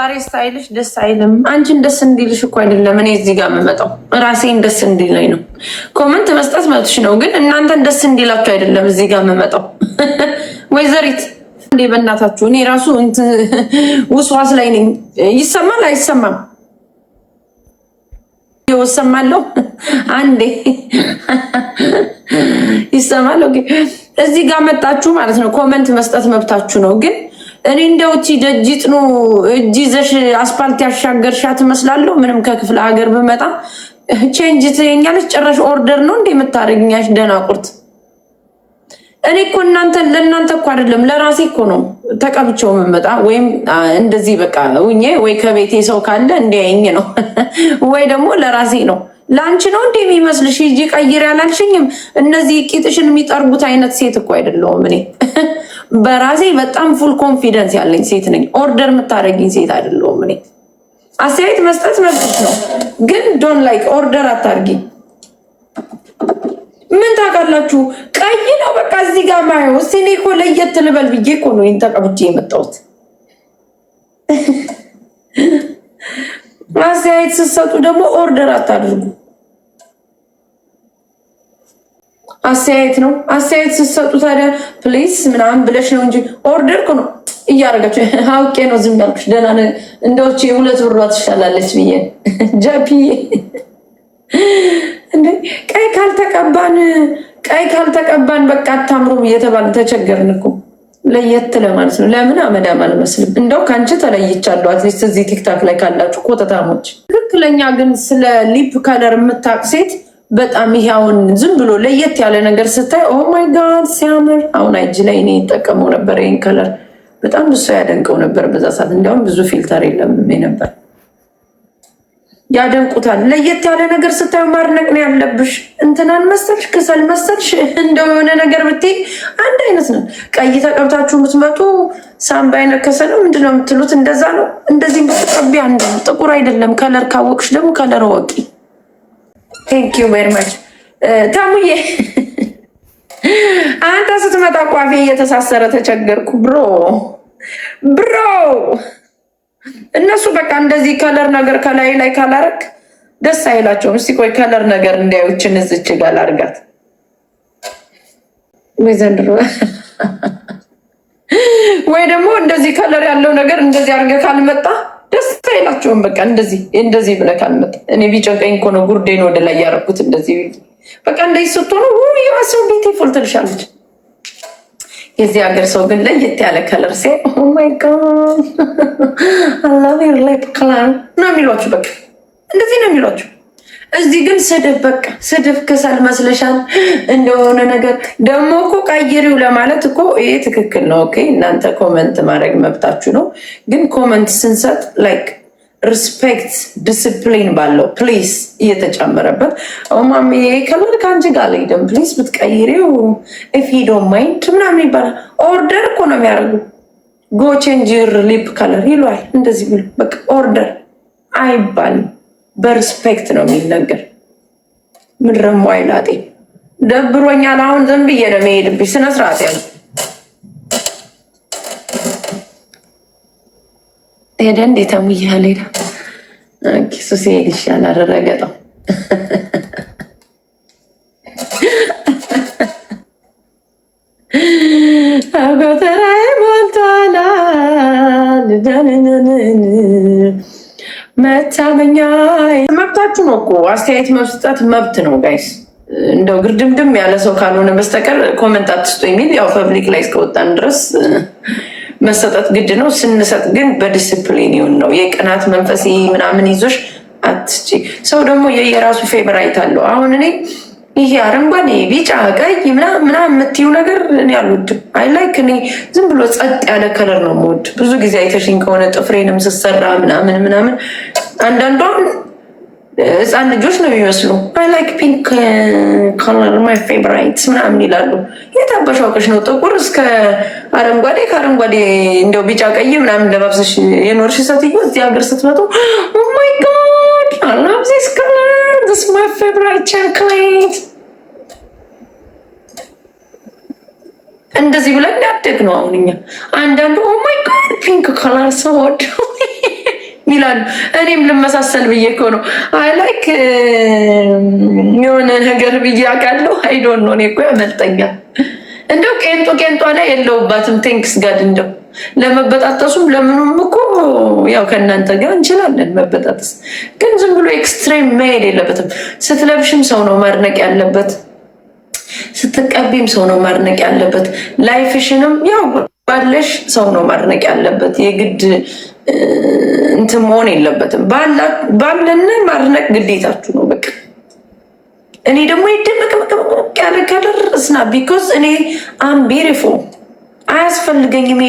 ዛሬ ስታይልሽ ደስ አይልም። አንቺን ደስ እንዲልሽ እኮ አይደለም እኔ እዚህ ጋር የምመጣው ራሴን ደስ እንዲለኝ ነው። ኮመንት መስጠት መብትሽ ነው፣ ግን እናንተን ደስ እንዲላችሁ አይደለም እዚህ ጋር የምመጣው። ወይዘሪት እንዴ በእናታችሁ እኔ ራሱ ውስዋስ ላይ ነኝ። ይሰማል አይሰማም? ይሰማለሁ። አንዴ ይሰማል። እዚህ ጋር መጣችሁ ማለት ነው። ኮመንት መስጠት መብታችሁ ነው ግን እኔ እንደውቺ እቺ ደጅት ነው እጅ ይዘሽ አስፓልት ያሻገርሻ ትመስላለሁ። ምንም ከክፍለ ሀገር ብመጣ ቼንጅ ትኛለች። ጭራሽ ኦርደር ነው እንደ የምታደርግኛሽ ደናቁርት። እኔ እኮ እናንተ ለእናንተ እኮ አይደለም ለራሴ እኮ ነው ተቀብቼው የምመጣ ወይም እንደዚህ በቃ ውኜ ወይ ከቤቴ ሰው ካለ እንዲያይኝ ነው ወይ ደግሞ ለራሴ ነው። ለአንቺ ነው እንዴ የሚመስልሽ ሂጂ ቀይር ያላልሽኝም። እነዚህ ቂጥሽን የሚጠርጉት አይነት ሴት እኮ አይደለሁም እኔ በራሴ በጣም ፉል ኮንፊደንስ ያለኝ ሴት ነኝ። ኦርደር የምታደርግኝ ሴት አይደለሁም። እኔ አስተያየት መስጠት መብት ነው፣ ግን ዶን ላይክ ኦርደር አታርጊ። ምን ታውቃላችሁ? ቀይ ነው በቃ እዚህ ጋር ማየው። እስኪ እኔ እኮ ለየት ልበል ብዬ እኮ ነው ተቀብቼ የመጣሁት። አስተያየት ስትሰጡ ደግሞ ኦርደር አታድርጉ። አስተያየት ነው። አስተያየት ስትሰጡ ታዲያ ፕሊስ ምናምን ብለሽ ነው እንጂ ኦርደርኩ ነው እያደረጋችሁ አውቄ ነው ዝም ያልኩሽ። ደህና እንደዎች የሁለት ብሯ ትሻላለች ብዬ ጃፒዬ እንደ ቀይ ካልተቀባን ቀይ ካልተቀባን በቃ አታምሩም እየተባለ ተቸገርን እኮ ለየት ለማለት ነው። ለምን አመዳም አልመስልም። እንደው ከአንቺ ተለይቻለሁ። አትሊስት እዚህ ቲክታክ ላይ ካላችሁ ኮተታሞች፣ ትክክለኛ ግን ስለ ሊፕ ከለር የምታውቅ ሴት በጣም ይሄ አሁን ዝም ብሎ ለየት ያለ ነገር ስታይ ኦ ማይ ጋድ ሲያምር። አሁን አይጅ ላይ እኔ ይጠቀመው ነበር ይህን ከለር በጣም ብዙ ያደንቀው ነበር በዛ ሰዓት። እንዲያውም ብዙ ፊልተር የለም ነበር ያደንቁታል። ለየት ያለ ነገር ስታዩ ማድነቅ ነው ያለብሽ። እንትናን መሰልሽ ክሰል መሰልሽ እንደው የሆነ ነገር ብትይ አንድ አይነት ነው። ቀይ ተቀብታችሁ የምትመጡ ሳምባ የነከሰ ነው ምንድነው የምትሉት? እንደዛ ነው። እንደዚህ ምትቀቢ አንድ ጥቁር አይደለም። ከለር ካወቅሽ ደግሞ ከለር ወቂ ቴንክ ዩ ቬሪ ማች ተሙዬ። አንተ ስትመጣ ቋፊ እየተሳሰረ ተቸገርኩ። ብሮ ብሮ እነሱ በቃ እንደዚህ ከለር ነገር ከላይ ላይ ካላረግ ደስ አይላቸውም። እስቲ ቆይ ከለር ነገር እንዲያዩችን እዝች ጋር አርጋት ወይ ዘንድሮ ወይ ደግሞ እንደዚህ ከለር ያለው ነገር እንደዚህ አርገ ካልመጣ ደስ አይላቸውም። በቃ እንደዚህ እንደዚህ ብለህ ካልመጣ እኔ ቢጨንቀኝ እኮ ነው ጉርዴን ወደ ላይ ያደረኩት። እንደዚህ በቃ እንደዚህ ስትሆኑ የራስን ቤት ፎል ትልሻለች። የዚህ ሀገር ሰው ግን ለየት ያለ ከለር ሴ ማይ ጋድ አላቪር ላይ ክላን ነው የሚሏችሁ። በቃ እንደዚህ ነው የሚሏችሁ። እዚህ ግን ስድብ በቃ ስድብ ክሰል መስለሻል እንደሆነ ነገር ደግሞ እኮ ቀይሪው ለማለት እኮ ይሄ ትክክል ነው። ኦኬ እናንተ ኮመንት ማድረግ መብታችሁ ነው። ግን ኮመንት ስንሰጥ ላይክ ሪስፔክት ዲስፕሊን ባለው ፕሊስ እየተጨመረበት ማሚ ከለር ከአንቺ ጋር አልሄድም ፕሊዝ ብትቀይሪው ኢፍ ዩ ዶንት ማይንድ ምናምን ይባላል። ኦርደር እኮ ነው የሚያደርጉ ጎ ቼንጅ ዩር ሊፕ ከለር ይሏል። እንደዚህ ብሎ በቃ ኦርደር አይባልም። በሪስፔክት ነው የሚነገር። ምድረሞ አይላጤ ደብሮኛል። አሁን ዝም ብዬ ነው የሚሄድብኝ። ስነስርዓት ያለ ሄደ እንዴት ሙያል ሄዳ ሱ ሲሄድ ይሻላል ረገጠው ጎተራዬ ሞልቷል መታመኛ መብታችሁ ነው እኮ አስተያየት መስጠት መብት ነው ጋይስ። እንደው ግርድምድም ያለ ሰው ካልሆነ በስተቀር ኮመንት አትስጡ የሚል ያው ፐብሊክ ላይ እስከወጣን ድረስ መሰጠት ግድ ነው። ስንሰጥ ግን በዲስፕሊን ይሁን ነው። የቅናት መንፈስ ምናምን ይዞሽ አትስጪ። ሰው ደግሞ የየራሱ ፌቨራይት አለው። አሁን እኔ ይሄ አረንጓዴ፣ ቢጫ፣ ቀይ ምናምን የምትይው ነገር እኔ አልወድም። አይ ላይክ እኔ ዝም ብሎ ጸጥ ያለ ከለር ነው የምወድ። ብዙ ጊዜ አይተሽኝ ከሆነ ጥፍሬንም ስሰራ ምናምን ምናምን አንዳንዷም ህፃን ልጆች ነው የሚመስሉ። አይ ላይክ ፒንክ ከለር ማይ ፌቨራይት ምናምን ይላሉ። የታበሽ አውቀሽ ነው ጥቁር እስከ አረንጓዴ ከአረንጓዴ እንደው ቢጫ ቀይ ምናምን ለባብሰሽ የኖርሽ ሴትዮ እዚህ ሀገር ስትመጡ ማይ ጋድ አይ ዚስ ከለር ዚስ ማይ ፌቨራይት ቸኮሌት እንደዚህ ብለን እንዳደግ ነው። አሁንኛ አንዳንዱ ማይ ጋድ ፒንክ ከለር ሰወድ ይላሉ። እኔም ልመሳሰል ብዬ እኮ ነው። አይ ላይክ የሆነ ነገር ብዬ አውቃለሁ። አይዶን ነው እኔ እኮ ያመልጠኛል። እንደው ቄንጦ ቄንጧ ላይ የለውባትም። ቴንክስ ጋድ እንደው ለመበጣጠሱም ለምኑም እኮ ያው ከእናንተ ጋር እንችላለን መበጣጠስ፣ ግን ዝም ብሎ ኤክስትሬም መሄድ የለበትም። ስትለብሽም ሰው ነው ማድነቅ ያለበት፣ ስትቀቢም ሰው ነው ማድነቅ ያለበት። ላይፍሽንም ያው ባለሽ ሰው ነው ማድነቅ ያለበት የግድ እንትን መሆን የለበትም። ባለንን ማድነቅ ግዴታችሁ ነው። በቃ እኔ ደግሞ የደመቀመቀመቅ ያለ ከለር እስና ቢኮዝ እኔ አም ቢሪፉል አያስፈልገኝም።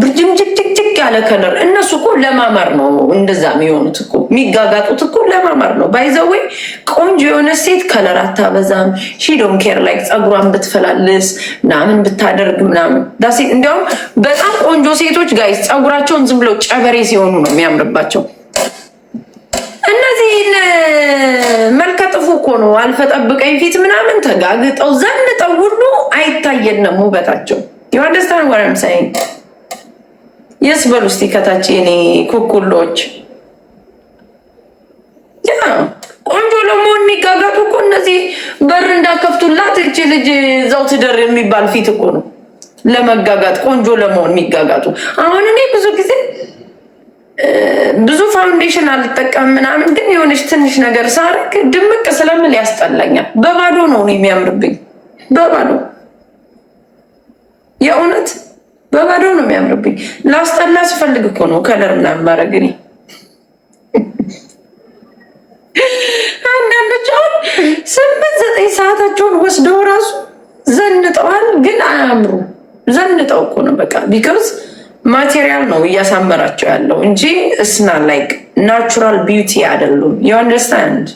ብርጅምጅግጅግ ያለ ከለር እነሱ እኮ ለማማር ነው እንደዛ የሚሆኑት እኮ የሚጋጋጡት እኮ ለማማር ነው። ባይዘዌ ቆንጆ የሆነ ሴት ከለር አታበዛም። ሺዶን ኬር ላይ ፀጉሯን ብትፈላልስ ምናምን ብታደርግ ምናምን ዳሴት። እንዲያውም በጣም ቆንጆ ሴቶች ጋይስ ፀጉራቸውን ዝም ብለው ጨበሬ ሲሆኑ ነው የሚያምርባቸው። እነዚህን መልከጥፉ እኮ ነው አልፈጠብቀኝ ፊት ምናምን ተጋግጠው ዘንጠው ሁሉ አይታየንም ውበታቸው። የዋደስታን ወረምሳይ የስበሉ ስቲ ከታች የኔ ኩኩሎች ብለው መሆን የሚጋጋጡ እኮ እነዚህ በር እንዳከፍቱላት እች ልጅ እዛው ትደር የሚባል ፊት እኮ ነው ለመጋጋጥ ቆንጆ ለመሆን የሚጋጋጡ። አሁን እኔ ብዙ ጊዜ ብዙ ፋውንዴሽን አልጠቀም ምናምን፣ ግን የሆነች ትንሽ ነገር ሳረግ ድምቅ ስለምል ያስጠላኛል። በባዶ ነው የሚያምርብኝ፣ በባዶ የእውነት በባዶ ነው የሚያምርብኝ። ላስጠላ ስፈልግ እኮ ነው ከለር ምናምን ማድረግ እኔ አንዳንዶች አሁን ስምንት ዘጠኝ ሰዓታቸውን ወስደው ራሱ ዘንጠዋል፣ ግን አያምሩ ዘንጠው እኮ ነው በቃ ቢካዝ ማቴሪያል ነው እያሳመራቸው ያለው እንጂ እስና ላይክ ናቹራል ቢዩቲ አይደሉም። ዩ አንደርስታንድ።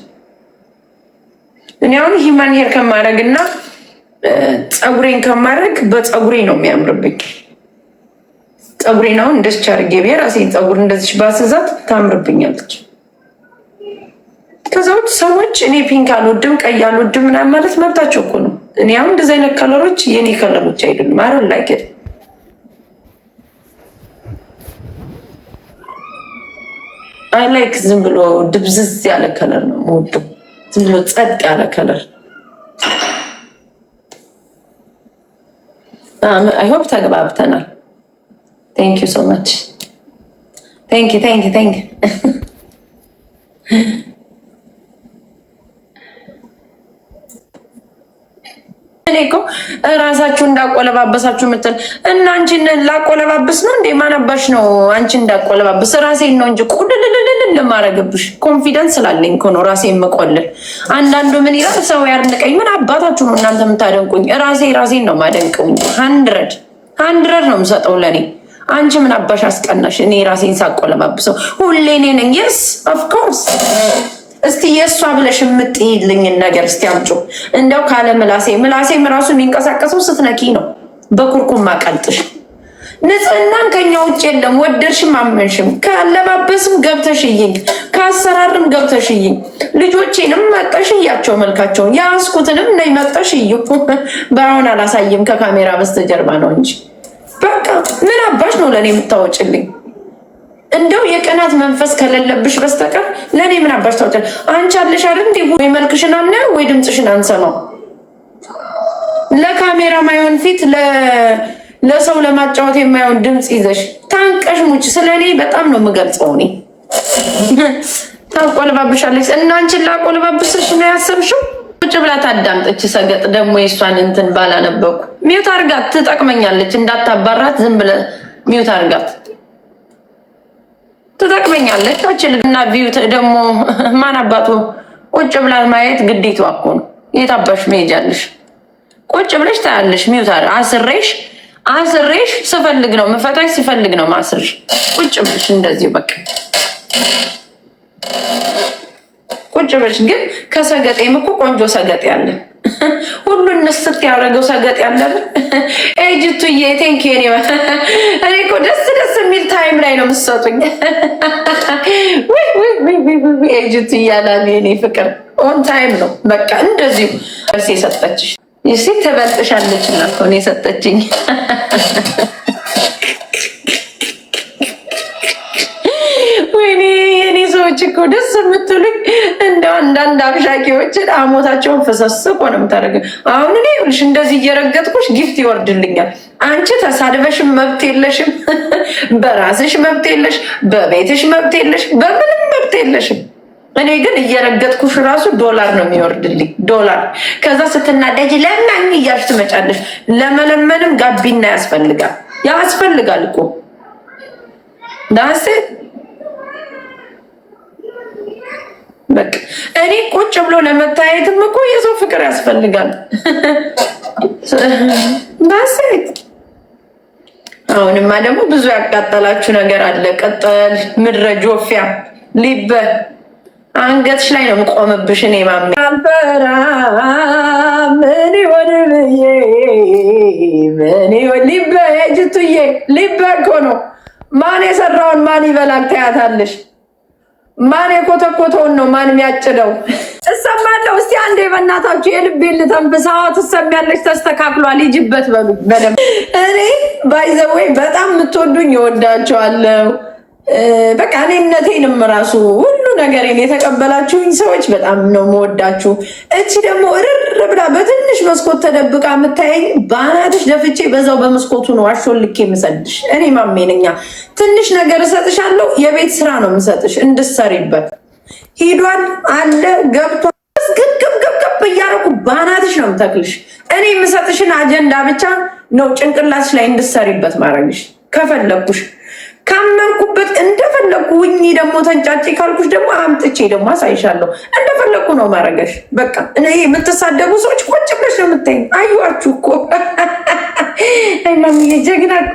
እኔ አሁን ሂማን ሄር ከማድረግ እና ፀጉሬን ከማድረግ በፀጉሬ ነው የሚያምርብኝ። ፀጉሬን አሁን እንደዚች አድርጌ ብሄ ራሴን ፀጉር እንደዚች ባስዛት ታምርብኛለች። ከዛ ውጭ ሰዎች እኔ ፒንክ አልወድም ቀይ አልወድም ምናምን ማለት መብታቸው እኮ ነው። እኔ አሁን እንደዚህ አይነት ከለሮች የኔ ከለሮች አይደሉም። አረን ላይክ አይ ላይክ ዝም ብሎ ድብዝዝ ያለ ከለር ነው ወዱ። ዝም ብሎ ጸጥ ያለ ከለር አይሆፕ um, ተግባብተናል። ቴንክ ዩ ሶ ማች ቴንክ ቴንክ ቴንክ እኔ እኮ እራሳችሁ እንዳቆለባበሳችሁ ምትል እና አንቺን ላቆለባብስ ነው እንዴ? ማነባሽ ነው አንቺ እንዳቆለባብስ ራሴን ነው እንጂ ቁልልልልል ለማረግብሽ ኮንፊደንስ ስላለኝ እኮ ነው ራሴ መቆልል። አንዳንዱ ምን ይላል ሰው ያድንቀኝ። ምን አባታችሁ ነው እናንተ የምታደንቁኝ? ራሴ ራሴን ነው ማደንቀው። ሀንድረድ ሀንድረድ ነው የምሰጠው ለእኔ አንቺ ምን አባሽ አስቀናሽ? እኔ ራሴን ሳቆለባብሰው ሁሌ እኔ ነኝ። የስ ኦፍኮርስ እስቲ የእሷ ብለሽ የምትይልኝን ነገር እስቲ አምጩ። እንደው ካለ ምላሴ ምላሴም ራሱ የሚንቀሳቀሰው ስትነኪ ነው። በኩርኩማ ቀልጥሽ ንጽህናን ከኛ ውጭ የለም። ወደድሽም አመንሽም፣ ከአለባበስም ገብተሽይኝ ከአሰራርም ገብተሽይኝ ልጆቼንም መጠሽ እያቸው መልካቸውን፣ የአስኩትንም ነይ መጠሽ እዩ። በአሁን አላሳይም፣ ከካሜራ በስተጀርባ ነው እንጂ። በቃ ምን አባሽ ነው ለእኔ የምታወጭልኝ? እንደው የቅናት መንፈስ ከሌለብሽ በስተቀር ለእኔ ምን አባሽ ታውቂያለሽ? አንቺ አለሽ አለ እንዲ ወይ መልክሽን አናየ ወይ ድምፅሽን አንሰማው። ለካሜራ ማይሆን ፊት ለሰው ለማጫወት የማይሆን ድምፅ ይዘሽ ታንቀሽ ሙች። ስለ እኔ በጣም ነው የምገልጸው። እኔ ታቆልባብሻለች እናንችን አንቺን ላቆልባብስሽ ነው ያሰብሽው? ቁጭ ብላ ታዳምጠች። ሰገጥ ደግሞ የእሷን እንትን ባላነበኩ ሚዩት አርጋት ትጠቅመኛለች። እንዳታባራት ዝም ብለህ ሚዩት አርጋት። ትጠቅመኛለች አችልም እና ቢዩት ደግሞ ማን አባቱ ቁጭ ብላ ማየት ግዴቷ እኮ ነው። የታባሽ መሄጃለሽ? ቁጭ ብለሽ ታያለሽ። ሚዩት አስሬሽ አስሬሽ ስፈልግ ነው ምፈታሽ፣ ሲፈልግ ነው ማስሬሽ ቁጭ ብለሽ እንደዚህ በቃ ቁጭ ብለሽ ግን ከሰገጤም እኮ ቆንጆ ሰገጤ አለን ሁሉን ንስት ያደረገው ሰገጥ ያለብን ኤጅቱዬ ቴንኬን ይመ እኔ እኮ ደስ ደስ የሚል ታይም ላይ ነው የምትሰጡኝ። ኤጅቱ እያላል የኔ ፍቅር ኦን ታይም ነው። በቃ እንደዚሁ እርስ የሰጠችሽ ሴት ትበልጥሻለች እና እኮ የሰጠችኝ ሰዎች እኮ ደስ የምትሉኝ እንደ አንዳንድ አብሻቂዎችን አሞታቸውን ፈሰስ እኮ ነው የምታደርገው። አሁን እኔ ይኸውልሽ እንደዚህ እየረገጥኩሽ ጊፍት ይወርድልኛል። አንቺ ተሳድበሽም መብት የለሽም፣ በራስሽ መብት የለሽ፣ በቤትሽ መብት የለሽ፣ በምንም መብት የለሽም። እኔ ግን እየረገጥኩሽ ራሱ ዶላር ነው የሚወርድልኝ፣ ዶላር። ከዛ ስትናደጅ ለማኝ እያልሽ ትመጫለሽ። ለመለመንም ጋቢና ያስፈልጋል፣ ያስፈልጋል እኮ ዳሴ በቃ እኔ ቁጭ ብሎ ለመታየትም እኮ የሰው ፍቅር ያስፈልጋል። ባሴት አሁንማ ደግሞ ብዙ ያቃጠላችሁ ነገር አለ። ቀጠል ምድረ ጆፊያ ሊበ አንገትሽ ላይ ነው የምቆምብሽ። እኔ ማሜ አልፈራ ምን ይሆን ብዬ ምን ይሆን ሊበ ጅቱዬ ሊበ እኮ ነው። ማን የሰራውን ማን ይበላል? ታያታለሽ ማን የኮተኮተውን ነው ማን የሚያጭደው? እሰማለሁ። እስቲ አንዴ በእናታችሁ የልቤ ልተንብሳዋ ትሰሚያለች። ተስተካክሏል፣ ይጅበት በሉ በደምብ። እኔ ባይዘወይ በጣም የምትወዱኝ ይወዳቸዋለሁ። በቃ እኔነቴንም ራሱ ነገሬን የተቀበላችሁኝ ሰዎች በጣም ነው መወዳችሁ። እቺ ደግሞ እርር ብላ በትንሽ መስኮት ተደብቃ የምታየኝ በአናትሽ ደፍቼ በዛው በመስኮቱ ነው አሾልኬ የምሰድሽ። እኔ ማሜንኛ ትንሽ ነገር እሰጥሻለሁ። የቤት ስራ ነው የምሰጥሽ እንድሰሪበት ሂዷል አለ ገብቷ ግብግብግብግብ እያደረኩ በአናትሽ ነው የምተክልሽ። እኔ የምሰጥሽን አጀንዳ ብቻ ነው ጭንቅላትሽ ላይ እንድሰሪበት ማድረግሽ ከፈለግኩሽ ካመንኩበት እንደፈለግኩ ውኝ ደግሞ ተንጫጭ ካልኩሽ ደግሞ አምጥቼ ደግሞ አሳይሻለሁ። እንደፈለግኩ ነው ማረገሽ። በቃ እኔ የምትሳደቡ ሰዎች ቁጭ ብለሽ ነው የምታይኝ። አዩዋችሁ እኮ ማሚ ጀግና እኮ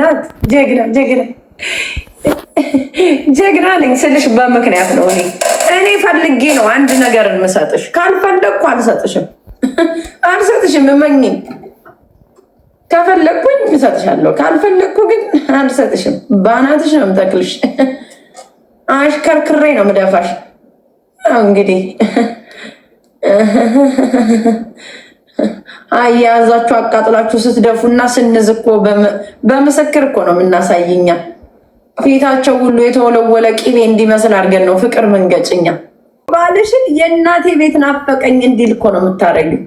ናት ጀግና ጀግና ጀግና ነኝ ስልሽ በምክንያት ነው። እኔ እኔ ፈልጌ ነው አንድ ነገር እንሰጥሽ። ካልፈለግኩ አልሰጥሽም፣ አልሰጥሽም እመኝኝ ከፈለግኩኝ እሰጥሻለሁ፣ ካልፈለግኩ ግን አልሰጥሽም። በአናትሽ ነው የምጠቅልሽ። አሽከርክሬ ነው ምደፋሽ። እንግዲህ አያያዛችሁ አቃጥላችሁ ስትደፉና ስንዝ እኮ በምስክር እኮ ነው የምናሳይኛ። ፊታቸው ሁሉ የተወለወለ ቂቤ እንዲመስል አድርገን ነው ፍቅር መንገጭኛ። ባልሽን የእናቴ ቤት ናፈቀኝ እንዲል እኮ ነው የምታረጊው።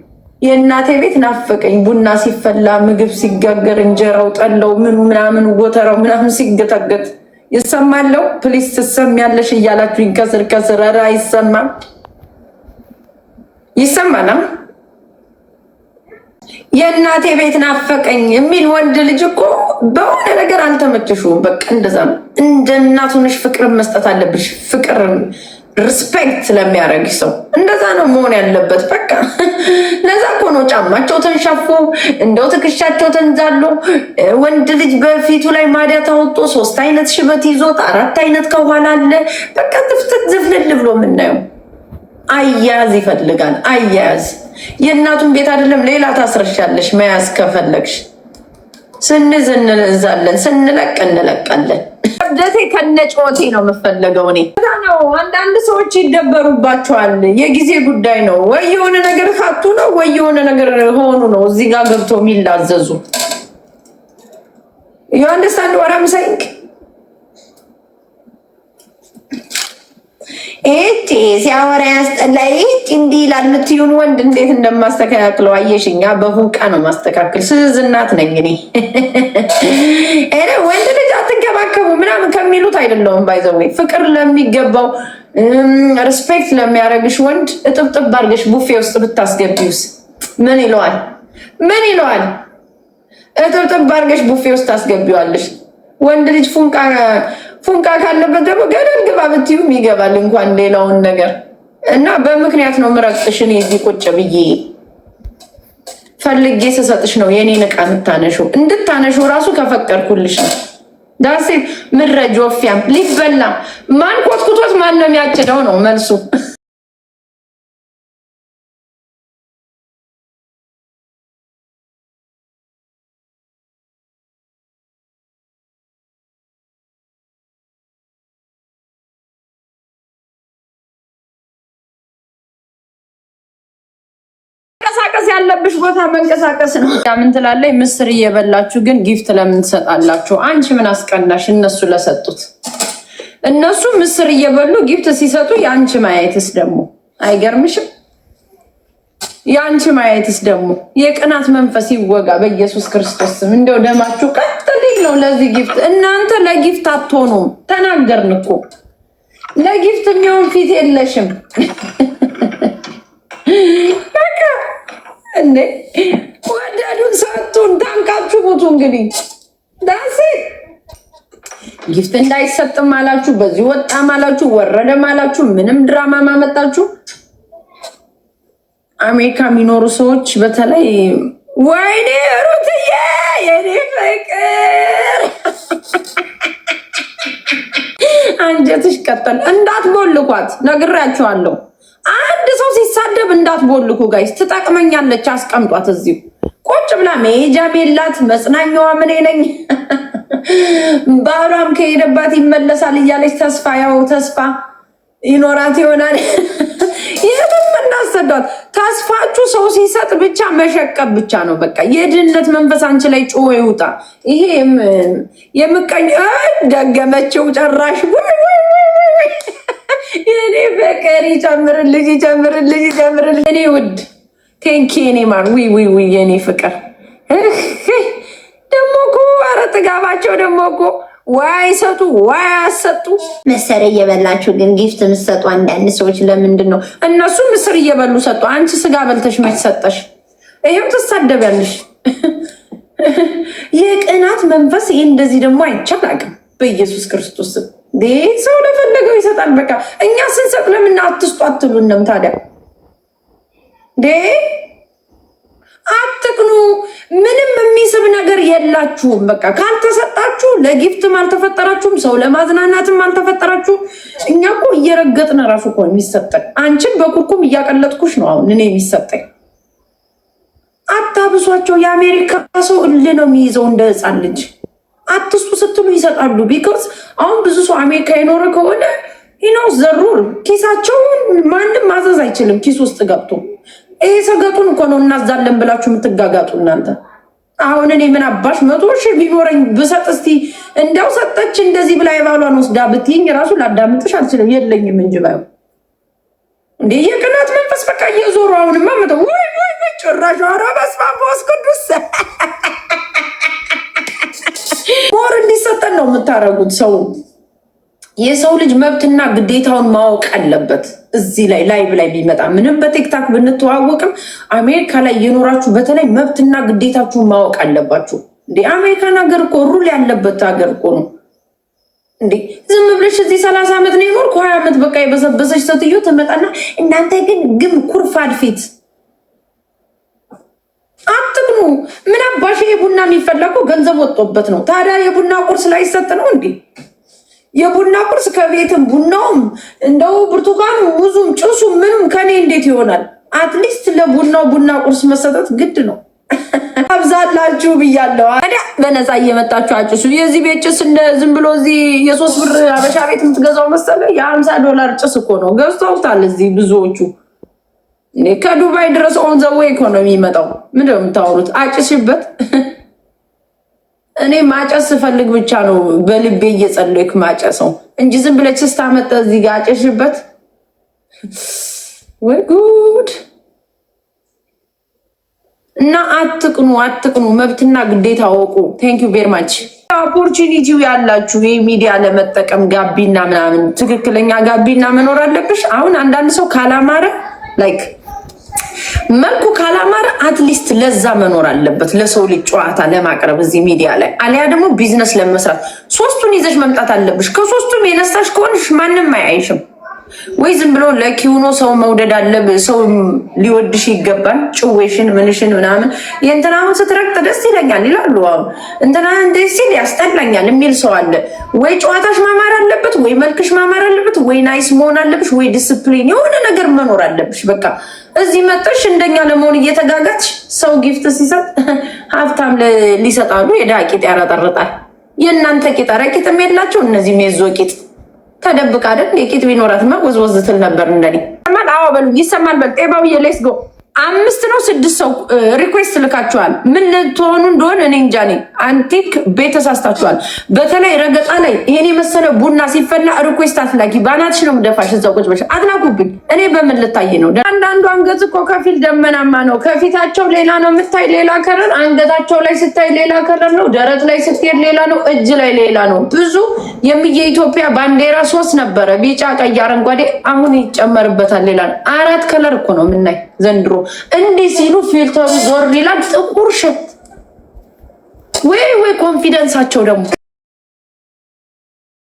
የእናቴ ቤት ናፈቀኝ። ቡና ሲፈላ፣ ምግብ ሲጋገር፣ እንጀራው፣ ጠላው፣ ምኑ ምናምን ጎተራው ምናምን ሲገታገት ይሰማለው። ፕሊስ ትሰሚያለሽ እያላችሁኝ ከስር ከስር ኧረ አይሰማም። ይሰማና የእናቴ ቤት ናፈቀኝ የሚል ወንድ ልጅ እኮ በሆነ ነገር አልተመቸሽውም። በቃ እንደዛ ነው። እንደ እናቱንሽ ፍቅርን መስጠት አለብሽ። ፍቅርን ሪስፔክት ስለሚያደርግ ሰው እንደዛ ነው መሆን ያለበት። በቃ ለዛ እኮ ነው ጫማቸው ተንሻፎ እንደው ትከሻቸው ተንዛሎ ወንድ ልጅ በፊቱ ላይ ማዲያ ታወጦ ሶስት አይነት ሽበት ይዞት አራት አይነት ከኋላ አለ። በቃ ትፍትት ዝፍልል ብሎ የምናየው አያያዝ ይፈልጋል። አያያዝ የእናቱን ቤት አይደለም ሌላ ታስረሻለሽ መያዝ ከፈለግሽ ስንዝ እንዛለን፣ ስንለቅ እንለቃለን። ደሴ ጮቴ ነው የምፈለገው እኔ ነው። አንዳንድ ሰዎች ይደበሩባቸዋል። የጊዜ ጉዳይ ነው። ወይ የሆነ ነገር ካቱ ነው ወይ የሆነ ነገር ሆኑ ነው። እዚህ ጋር ገብቶ የሚላዘዙ የአንድ ሳንድ ወራም ሳይንቅ እቺ ሲያወራ ያስጠላ እንዲ እንዲህ ይላል የምትዩን ወንድ እንዴት እንደማስተካክለው አየሽኛ። በሁቃ ነው ማስተካከል። ስዝናት ነኝ እኔ እኔ ወንድ ልጅ አትንከባከቡ ምናምን ከሚሉት አይደለውም። ባይዘው ፍቅር ለሚገባው ሪስፔክት ለሚያደርግሽ ወንድ እጥብጥብ አድርገሽ ቡፌ ውስጥ ብታስገቢውስ ምን ይለዋል? ምን ይለዋል? እጥብጥብ አድርገሽ ቡፌ ውስጥ ታስገቢዋለሽ። ወንድ ልጅ ፉንቃ ፉንቃ ካለበት ደግሞ ገደል ግባ ይገባል። እንኳን ሌላውን ነገር እና በምክንያት ነው ምረጥሽ። እኔ እዚህ ቁጭ ብዬ ፈልጌ ስሰጥሽ ነው የኔ ንቃ የምታነሹ። እንድታነሹ እራሱ ከፈቀድኩልሽ ነው። ዳሴ ምረጅ ወፊያም ሊበላ ማን ኮትኩቶት ማን ነው የሚያጭደው ነው መልሱ። መንቀሳቀስ ያለብሽ ቦታ መንቀሳቀስ ነው። ምን ትላለች? ምስር እየበላችሁ ግን ጊፍት ለምን ትሰጣላችሁ? አንቺ ምን አስቀናሽ? እነሱ ለሰጡት እነሱ ምስር እየበሉ ጊፍት ሲሰጡ የአንቺ ማየትስ ደግሞ አይገርምሽም? የአንቺ ማየትስ ደግሞ የቅናት መንፈስ ይወጋ በኢየሱስ ስም። እንደው ደማችሁ ቀጥልኝ ነው ለዚህ ጊፍት። እናንተ ለጊፍት አትሆኑም። ተናገርን እኮ ለጊፍት የሚሆን ፊት የለሽም። እንዴ ወደዱን ሰጡን። ታንቃችሁ ሙቱ እንግዲህ ዳሴ ጊፍት እንዳይሰጥም አላችሁ፣ በዚህ ወጣም አላችሁ፣ ወረደም አላችሁ፣ ምንም ድራማ ማመጣችሁ። አሜሪካ የሚኖሩ ሰዎች በተለይ ወይኔ ሩትዬ የኔ ፍቅር አንጀትሽ ቀጠል እንዳትቦልኳት ነግራችኋለሁ። አንድ ሰው ሲሳደብ እንዳትቦልኩ ጋይስ፣ ትጠቅመኛለች። አስቀምጧት እዚሁ ቁጭ ብላ መሄጃም የላት መጽናኛዋ ምን ነኝ ባሏም ከሄደባት ይመለሳል እያለች ተስፋ ያው ተስፋ ይኖራት ይሆናል። የትም እናሰዷት። ተስፋችሁ ሰው ሲሰጥ ብቻ መሸቀብ ብቻ ነው በቃ። የድህነት መንፈስ አንቺ ላይ ጮ ይውጣ። ይሄ የምቀኝ ደገመችው ጨራሽ የኔ ፍቅር ይጨምርልሽ ይጨምርልሽ ይጨምርልሽ የኔ ውድ ቴንኪ የኔ ማር ዊ ዊ ዊ የኔ ፍቅር ደግሞ እኮ ኧረ ጥጋባቸው ደግሞ እኮ ዋይ ሰጡ ዋይ አሰጡ መሰሪያ እየበላችሁ ግን ጊፍት ምሰጡ አንዳንድ ሰዎች ለምንድን ነው እነሱ ምስር እየበሉ ሰጡ አንቺ ስጋ በልተሽ መች ሰጠሽ ይሄም ትሳደቢያለሽ የቅናት መንፈስ ይህ እንደዚህ ደግሞ አይቻል አቅም በኢየሱስ ክርስቶስ ሰው ለፈለገው ይሰጣል። በቃ እኛ ስንሰጥ ለምን አትስጡ አትሉንም? ታዲያ አትቅኑ። ምንም የሚስብ ነገር የላችሁም። በቃ ካልተሰጣችሁ ለጊፍትም አልተፈጠራችሁም፣ ሰው ለማዝናናትም አልተፈጠራችሁም። እኛ እኮ እየረገጥን እራሱ እኮ የሚሰጠን አንቺን በኩርኩም እያቀለጥኩሽ ነው አሁን እኔ የሚሰጠኝ። አታብሷቸው። የአሜሪካ ሰው እልህ ነው የሚይዘው እንደ ህፃን ልጅ አትስጡ ስትሉ ይሰጣሉ። ቢኮዝ አሁን ብዙ ሰው አሜሪካ የኖረ ከሆነ ይነው ዘሩር ኪሳቸውን ማንም ማዘዝ አይችልም። ኪስ ውስጥ ገብቶ ይሄ ሰገጡን እኮ ነው እናዛለን ብላችሁ የምትጋጋጡ እናንተ። አሁን እኔ ምን አባሽ መቶ ሺ ቢኖረኝ ብሰጥ እስቲ እንዲያው ሰጠች እንደዚህ ብላ የባሏን ወስዳ ብትይኝ ራሱ ላዳምጥሽ አልችልም። የለኝም እንጂ ባዩ እንዴ የቅናት መንፈስ በቃ እየዞሩ አሁንማ መ ወይ ወይ ጭራሽ አራ በስመ አብ ወወልድ ቅዱስ ፓወር እንዲሰጠን ነው የምታደርጉት። ሰው የሰው ልጅ መብትና ግዴታውን ማወቅ አለበት። እዚህ ላይ ላይቭ ላይ ቢመጣ ምንም በቲክታክ ብንተዋወቅም አሜሪካ ላይ የኖራችሁ በተለይ መብትና ግዴታችሁን ማወቅ አለባችሁ። እንደ አሜሪካን ሀገር እኮ ሩል ያለበት ሀገር እኮ ነው። እንዴ ዝም ብለሽ እዚህ ሰላሳ ዓመት ነው የኖርኩ ሀያ ዓመት በቃ የበሰበሰች ሴትዮ ትመጣና እናንተ ግን ግም ኩርፋድ ፊት አትብሉ። ምን አባሽ የቡና የሚፈላ ገንዘብ ወጥቶበት ነው። ታዲያ የቡና ቁርስ ላይሰጥ ነው እንዴ? የቡና ቁርስ ከቤትም ቡናውም እንደው ብርቱካኑ፣ ሙዙም፣ ጭሱ ምንም ከኔ እንዴት ይሆናል? አትሊስት ለቡናው ቡና ቁርስ መሰጠት ግድ ነው። አብዛላችሁ ብያለሁ። ታዲያ በነፃ እየመጣችሁ አጭሱ። የዚህ ቤት ጭስ እንደ ዝም ብሎ እዚህ የሶስት ብር አበሻ ቤት የምትገዛው መሰለ የአምሳ ዶላር ጭስ እኮ ነው። ገዝተውታል እዚህ ብዙዎቹ ከዱባይ ድረስ ኦን ዘዌ እኮ ነው የሚመጣው። ምንድን ነው የምታወሩት? አጭሽበት። እኔ ማጨስ ስፈልግ ብቻ ነው በልቤ እየጸለይኩ ማጨሰው እንጂ ዝም ብለች ስታመጠ እዚህ ጋር አጭሽበት። ወይ ጉድ! እና አትቅኑ፣ አትቅኑ። መብትና ግዴታ አወቁ። ቴንክ ዩ ቬሪ ማች። ኦፖርቹኒቲው ያላችሁ ይህ ሚዲያ ለመጠቀም ጋቢና ምናምን፣ ትክክለኛ ጋቢና መኖር አለብሽ። አሁን አንዳንድ ሰው ካላማረ ላይክ መልኩ ካላማረ አትሊስት ለዛ መኖር አለበት፣ ለሰው ልጅ ጨዋታ ለማቅረብ እዚህ ሚዲያ ላይ አሊያ ደግሞ ቢዝነስ ለመስራት ሶስቱን ይዘሽ መምጣት አለብሽ። ከሶስቱም የነሳሽ ከሆንሽ ማንም አያይሽም። ወይ ዝም ብሎ ለኪውኖ ሰው መውደድ አለ። ሰው ሊወድሽ ይገባል። ጭዌሽን ምንሽን ምናምን የእንትናውን ስትረግጥ ደስ ይለኛል ይላሉ። አሁን እንትና እንደ ሲል ያስጠላኛል የሚል ሰው አለ። ወይ ጨዋታሽ ማማር አለበት፣ ወይ መልክሽ ማማር አለበት፣ ወይ ናይስ መሆን አለብሽ፣ ወይ ዲስፕሊን የሆነ ነገር መኖር አለብሽ። በቃ እዚህ መጠሽ እንደኛ ለመሆን እየተጋጋች ሰው ጊፍት ሲሰጥ ሀብታም ሊሰጣሉ የድሃ ቂጥ ያረጠርጣል። የእናንተ ቂጥ ኧረ የላቸው እነዚህ ሜዞ ቂጥ ተደብቃ አይደል? የቂጥ ቢኖራትማ ወዝወዝ ትል ነበር እንደኔ። ይሰማል። አዎ በሉ ይሰማል። በል ጤባው ሌስ ጎ አምስት ነው ስድስት ሰው ሪኩዌስት ልካችኋል። ምን ልትሆኑ እንደሆነ እኔ እንጃ። እኔ አንቲክ ቤት ተሳስታችኋል። በተለይ ረገጣ ላይ ይሄን የመሰለ ቡና ሲፈላ ሪኩዌስት አትላኪ። በአናትሽ ነው የምደፋሽ። እዛው ቁጭ በሽ አትላኩብኝ። እኔ በምን ልታይ ነው? አንዳንዱ አንገት እኮ ከፊል ደመናማ ነው። ከፊታቸው ሌላ ነው የምታይ፣ ሌላ ከለር። አንገታቸው ላይ ስታይ ሌላ ከለር ነው። ደረት ላይ ስትሄድ ሌላ ነው። እጅ ላይ ሌላ ነው። ብዙ የሚየ ኢትዮጵያ ባንዴራ ሶስት ነበረ፣ ቢጫ፣ ቀይ፣ አረንጓዴ። አሁን ይጨመርበታል ሌላ ነው። አራት ከለር እኮ ነው የምናይ ዘንድሮ እንዲህ ሲሉ ፊልተሩ ዞር ይላል። ጥቁር ሸት ወይ ወይ ኮንፊደንሳቸው ደግሞ